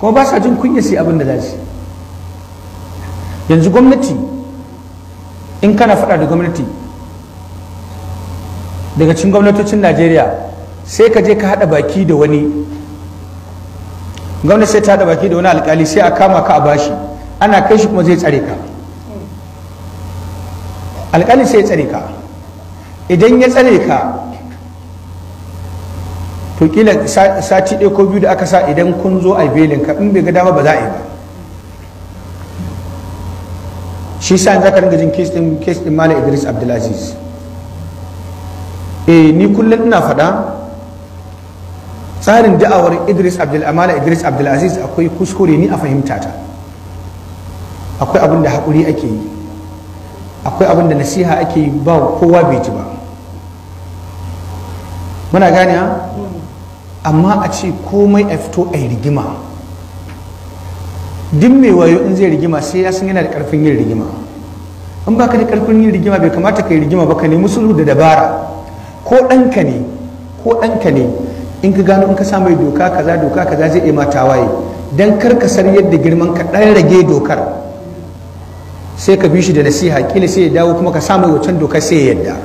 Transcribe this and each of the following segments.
ko ba sa jin kunya sai abin da za su yanzu gwamnati in kana faɗa da gwamnati daga cikin gwamnatocin najeriya sai ka je ka haɗa baki da wani gwamnati sai ta haɗa baki da wani alkali sai a kama ka a bashi ana kai shi kuma zai tsare ka alkali sai ya tsare ka idan ya tsare ka to kila sati ɗaya ko biyu da aka sa idan kun zo a belin ka in bai ga dama ba za a yi ba shi sa in aka ringa jin kes din kes Malam Idris Abdulaziz eh ni kullum ina faɗa tsarin da'awar Idris Abdul Amala Idris Abdulaziz akwai kuskure ni a fahimta ta akwai abin da haƙuri ake yi akwai abin da nasiha ake yi ba kowa bai ji ba muna gane ha amma a ce komai a fito a yi rigima duk mai wayo in zai rigima sai ya san yana da karfin yin rigima in baka da karfin yin rigima bai kamata ka yi rigima ba ka nemi sulhu da dabara ko ɗanka ne ko ɗanka ne in ka gano in ka samu doka kaza doka kaza zai iya mata waye dan kar ka san yadda girman ka ɗan rage dokar sai ka bi shi da nasiha kila sai ya dawo kuma ka samu wacan doka sai ya yadda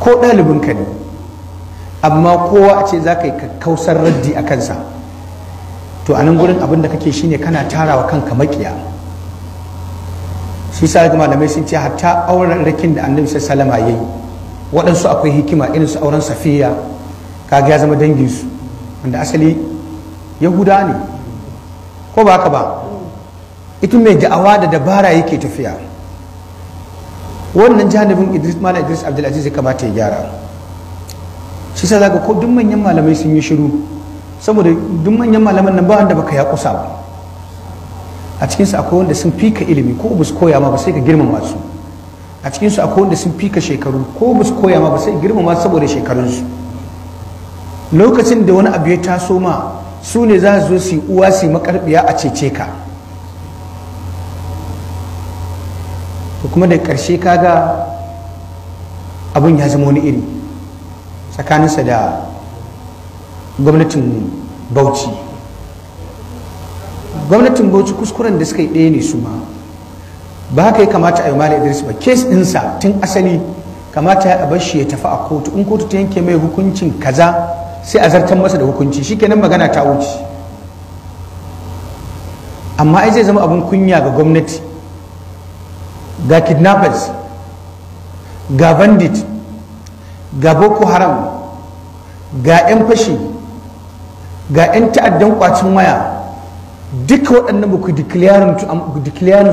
ko ɗalibin ka ne amma kowa a ce za ka yi kakkausar raddi a kansa to a nan gurin abin da kake ne kana tarawa kanka makiya shi sa ga malamai sun ce hatta auren rakin da annabi sai salama yi waɗansu akwai hikima irin su auren safiya kaga ya zama dangin su wanda asali yahuda ne ko ba ka ba ita mai da'awa da dabara yake tafiya wannan janibin idris Malam idris abdulaziz ya kamata ya gyara shi sa zaka ko duk manyan malamai sun yi shiru saboda duk manyan malaman nan ba wanda baka ya kusa ba a cikin su akwai wanda sun fika ilimi ko bus koya ma ba sai ka girmama su a cikin su akwai wanda sun fika shekaru ko bus koya ma ba sai girmama saboda shekarun su lokacin da wani abu ya taso ma su ne za su zo su uwa su makarbiya a cece ka kuma da ƙarshe kaga abin ya zama wani iri tsakaninsa da gwamnatin bauchi gwamnatin bauchi kuskuren da suka yi ɗaya ne su ma ba haka ya kamata a yi mali idris ba kes ɗinsa tun asali kamata ya bar shi ya tafi a kotu in kotu ta yanke mai hukuncin kaza sai a zartar masa da hukunci shi shikenan magana ta wuce amma ai zai zama abin kunya ga gwamnati ga kidnappers ga bandit ga boko haram ga 'yan fashi ga 'yan ta'addan kwacin waya duka waɗannan ba ku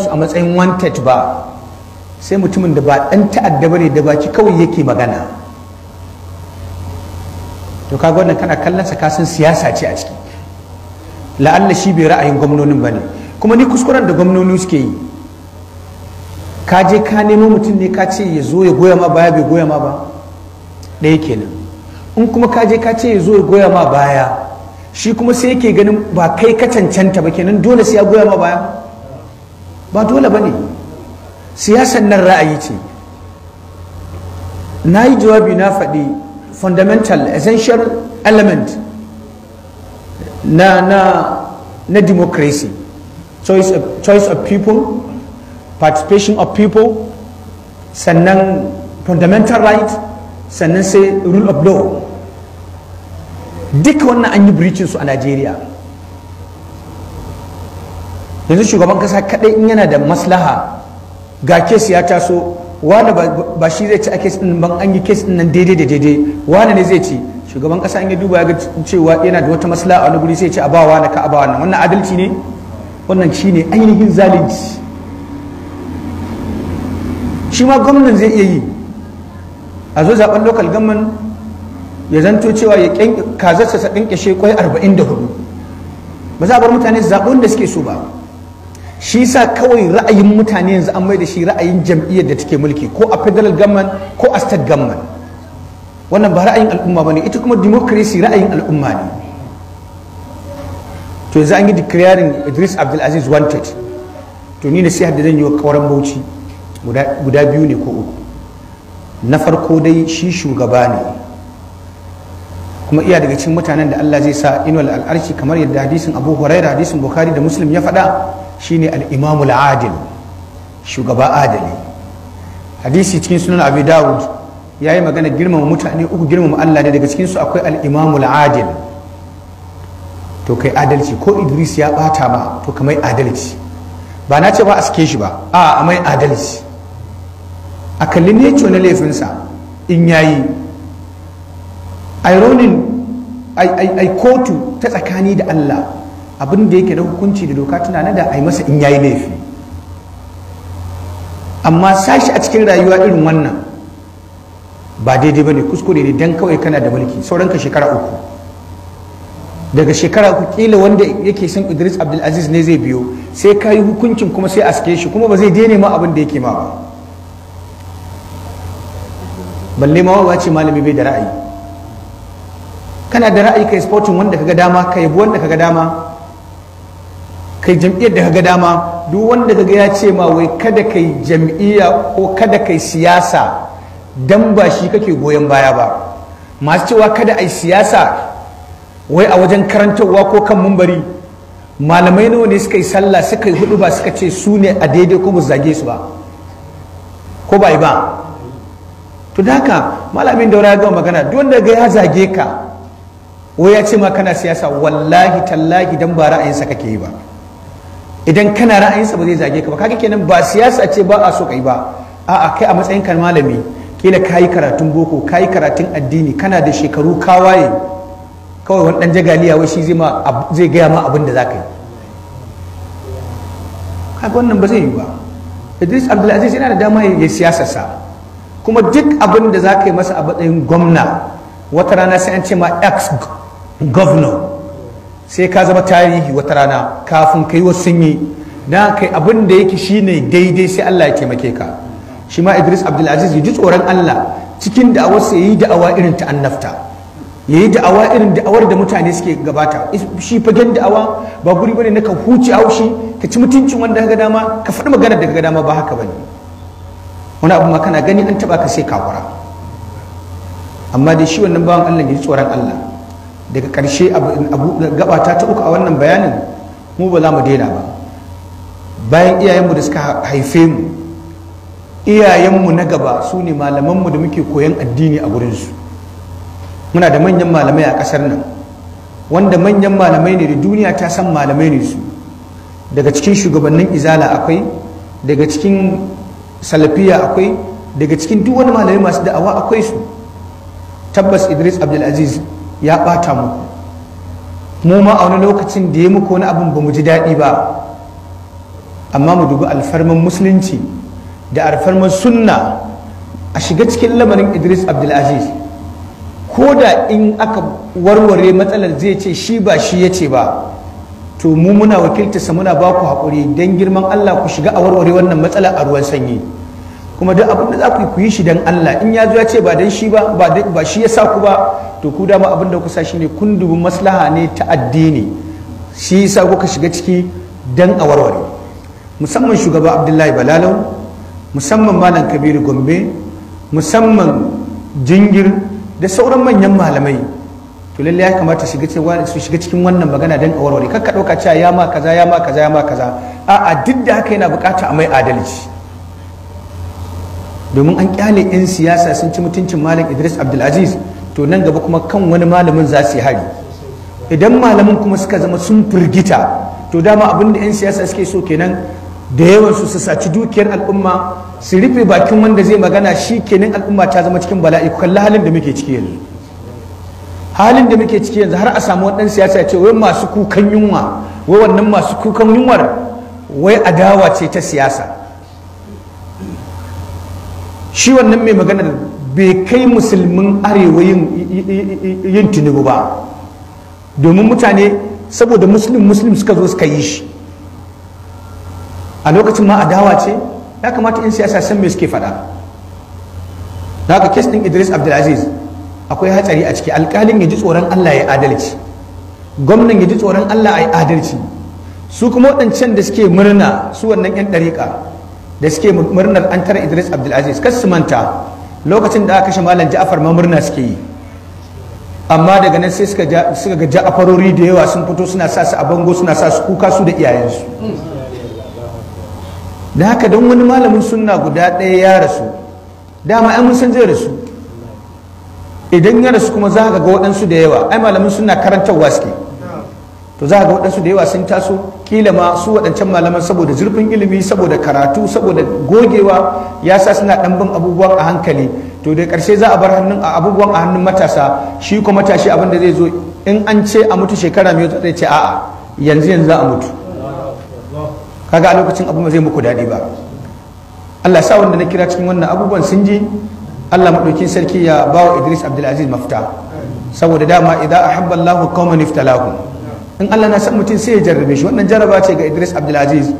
su a matsayin wanted ba sai mutumin da ba ɗan ta'adda ba ne da baki kawai yake magana to ka wannan kana kallon sa siyasa ce a ciki la'alla shi bai ra'ayin gwamnonin ba ne kuma ni kuskuren da gwamnoni suke yi ka je ka nemo mutum ne ka ce ya zo ya goya ma baya bai goya ma ba ɗaya kenan in kuma ka je ka ce ya zo goya ma baya shi kuma sai yake ganin ba kai ka cancanta ba kenan dole sai ya goya ma baya ba dole ba ne siyasan nan ra'ayi ce na yi jawabi na faɗi fundamental essential element na na na democracy choice of, choice of people participation of people sannan fundamental right sannan sai rule of law duka wannan an yi breaching su a najeriya yanzu shugaban kasa kadai in yana da maslaha ga kes ya taso wani ba shi zai ci a kes din ban an yi kes din nan daidai da daidai wani ne zai ci shugaban kasa in ya duba ya ga cewa yana da wata maslaha a wani guri sai ce a ba wani ka a ba wannan adalci ne wannan shine ainihin zalunci shi ma gwamnan zai iya yi a zo zaben local government ya zanto cewa ya kazarsa ta kankashe kwai hudu ba za a bar mutane zaɓen da suke so ba shi sa kawai ra'ayin mutane yanzu an mai da shi ra'ayin jam'iyyar da take mulki ko a federal government ko a state government wannan ba ra'ayin al'umma ba ne ita kuma democracy ra'ayin al'umma ne to yanzu an yi declaring idris abdulaziz wanted to ni na sai da zan yi wa kawaran bauchi guda biyu ne ko uku na farko dai shi shugaba ne kuma iya daga cikin mutanen da Allah zai sa inuwal al'arshi kamar yadda hadisin Abu Huraira hadisin bukari da Muslim ya faɗa shine al'imamul adil shugaba adali hadisi cikin sunan abu Dawud ya yi magana girmama mutane uku girmama Allah ne daga cikin su akwai al'imamul imam to kai adalci ko Idris ya bata ba, to kamar adalci ba na ce ba a sake shi ba a mai adalci a kalli neco na laifinsa in yayi ironin ai kotu ta tsakani da allah abin da yake da hukunci da doka tana na da ai masa in yayi laifi amma sashi a cikin rayuwa irin wannan ba daidai ba ne kuskure ne don kawai kana da mulki sauran ka shekara uku daga shekara uku kila wanda yake san idris abdulaziz ne zai biyo sai ka yi hukuncin kuma sai a sake shi kuma ba zai daina ma abin da yake ma ba balle ma wawa ce malami bai da ra'ayi kana da ra'ayi kai sportin wanda kaga dama kai bu wanda kaga dama kai jam'iyyar da kaga dama duk wanda kaga ya ce ma wai kada kai jam'iyya ko kada kai siyasa dan ba shi kake goyon baya ba masu cewa kada ai siyasa wai a wajen karantarwa ko kan mumbari malamai nawa ne suka yi sallah suka yi hudu ba suka ce su ne a daidai ko mu zage su ba ko ba yi ba to da haka malamin daura ya gama magana duk wanda ga ya zage ka wai ya ce ma kana siyasa wallahi tallahi dan ba ra'ayinsa kake yi ba idan kana ra'ayinsa ba zai zage ka ba kaga kenan ba siyasa ce ba a so kai ba a'a kai a matsayin kan malami kila kayi karatun boko yi karatun addini kana da shekaru kawaye kawai wani dan jagaliya wai shi zai gaya ma abin da zaka yi kaga wannan ba zai yi ba Idris Abdulaziz yana da dama ya siyasa sa. kuma duk abin da za ka yi masa a matsayin gwamna wata rana sai an ce ma ex governor sai ka zama tarihi wata rana kafin ka yi wasu sun yi kai abin da yake ne daidai sai Allah ya taimake ka shi ma Idris Abdulaziz ya ji tsoron Allah cikin da'awarsa ya yi da'awa irin ta annafta ya yi da'awa irin da'awar da mutane suke gabata shi fagen da'awa ba guri bane na ka huce haushi ka ci mutuncin wanda ka ga dama ka faɗi magana daga dama ba haka bane wani abu makana gani an taba ka sai kafura amma dai shi wannan bawan Allah ne tsoron Allah daga karshe abu gabata ta ta uku a wannan bayanin mu ba za mu daina ba bayan iyayenmu da suka haife mu iyayenmu na gaba su ne malamanmu da muke koyan addini a gurinsu muna da manyan malamai a ƙasar nan wanda manyan malamai ne da duniya ta san malamai ne su daga cikin shugabannin izala akwai daga cikin salafiya akwai daga cikin duk wani malami masu da'awa akwai su tabbas idris abdulaziz ya ɓata mu mu ma a wani lokacin da ya muku wani abin ba mu ji daɗi ba amma mu dubi alfarman musulunci da alfarman sunna a shiga cikin lamarin idris abdulaziz ko da in aka warware matsalar zai ce shi ba shi ya ce ba to mu muna wakiltarsa muna ba ku haƙuri don girman Allah ku shiga a warware wannan matsala a ruwan sanyi kuma duk abin da za ku yi shi don Allah in ya zo ya ce ba don shi ba ba shi ya sa ku ba to ku dama abin da ku sa ne kun dubi maslaha ne ta addini shi yasa kuka shiga ciki don a warware musamman shugaba Abdullahi Balalau musamman Malam Kabiru Gombe musamman Jingir da sauran manyan malamai to lalle ya kamata su shiga cikin wannan magana don a warware kakka ɗauka cewa ya ma kaza ya ma kaza ya ma kaza a'a duk da haka yana bukata a mai adalci domin an kyale 'yan siyasa sun ci mutuncin malam idris abdulaziz to nan gaba kuma kan wani malamin za su yi hari idan malamin kuma suka zama sun firgita to dama abin da 'yan siyasa suke so kenan da yawan su su saci dukiyar al'umma su rufe bakin wanda zai magana shi kenan al'umma ta zama cikin bala'i kalli halin da muke ciki yanzu halin da muke ciki yanzu har a samu wani siyasa ya ce wai masu kukan yunwa wai wannan masu kukan yunwar wai adawa ce ta siyasa shi wannan mai magana bai kai musulmin arewa yin tunubu ba domin mutane saboda muslim muslim suka zo suka yi shi a lokacin ma adawa ce ya kamata 'yan siyasa san me suke faɗa da haka kes ɗin idris abdulaziz akwai hatsari a ciki alƙalin ya ji tsoron Allah ya adalci gwamnan ya ji tsoron Allah ya adalci su kuma waɗancan da suke murna su wannan 'yan ɗariƙa da suke murnar an tara Idris Abdulaziz kar su manta lokacin da aka kashe Malam Ja'far ma murna suke yi amma daga nan sai suka ga ja'afarori da yawa sun fito suna sa su a bango suna sa su kuka su da iyayensu da haka don wani malamin sunna guda ɗaya ya rasu dama ai mun san zai rasu idan ya rasu kuma za ka ga waɗansu da yawa ai malamin suna karantarwa suke to za ka ga waɗansu da yawa sun taso kila ma su waɗancan malaman saboda zurfin ilimi saboda karatu saboda gogewa ya sa suna ɗan bin abubuwan a hankali to da ƙarshe za a bar hannun a abubuwan a hannun matasa shi kuma matashi abin da zai zo in an ce a mutu shekara mai zai ce a'a yanzu yanzu za a mutu kaga a lokacin abu ba zai muku daɗi ba Allah sa wanda na kira cikin wannan abubuwan sun ji Allah madaukin sarki ya ba wa Idris Abdulaziz mafita saboda dama idza ahabba Allahu qauman iftalahu in Allah na san mutum sai ya jarrabe shi wannan jaraba ce ga Idris Abdulaziz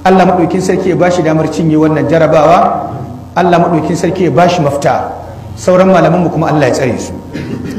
Allah maɗauki sarki ya bashi damar cinye wannan jarabawa Allah maɗauki sarki ya bashi mafita sauran malaman mu kuma Allah ya tsare su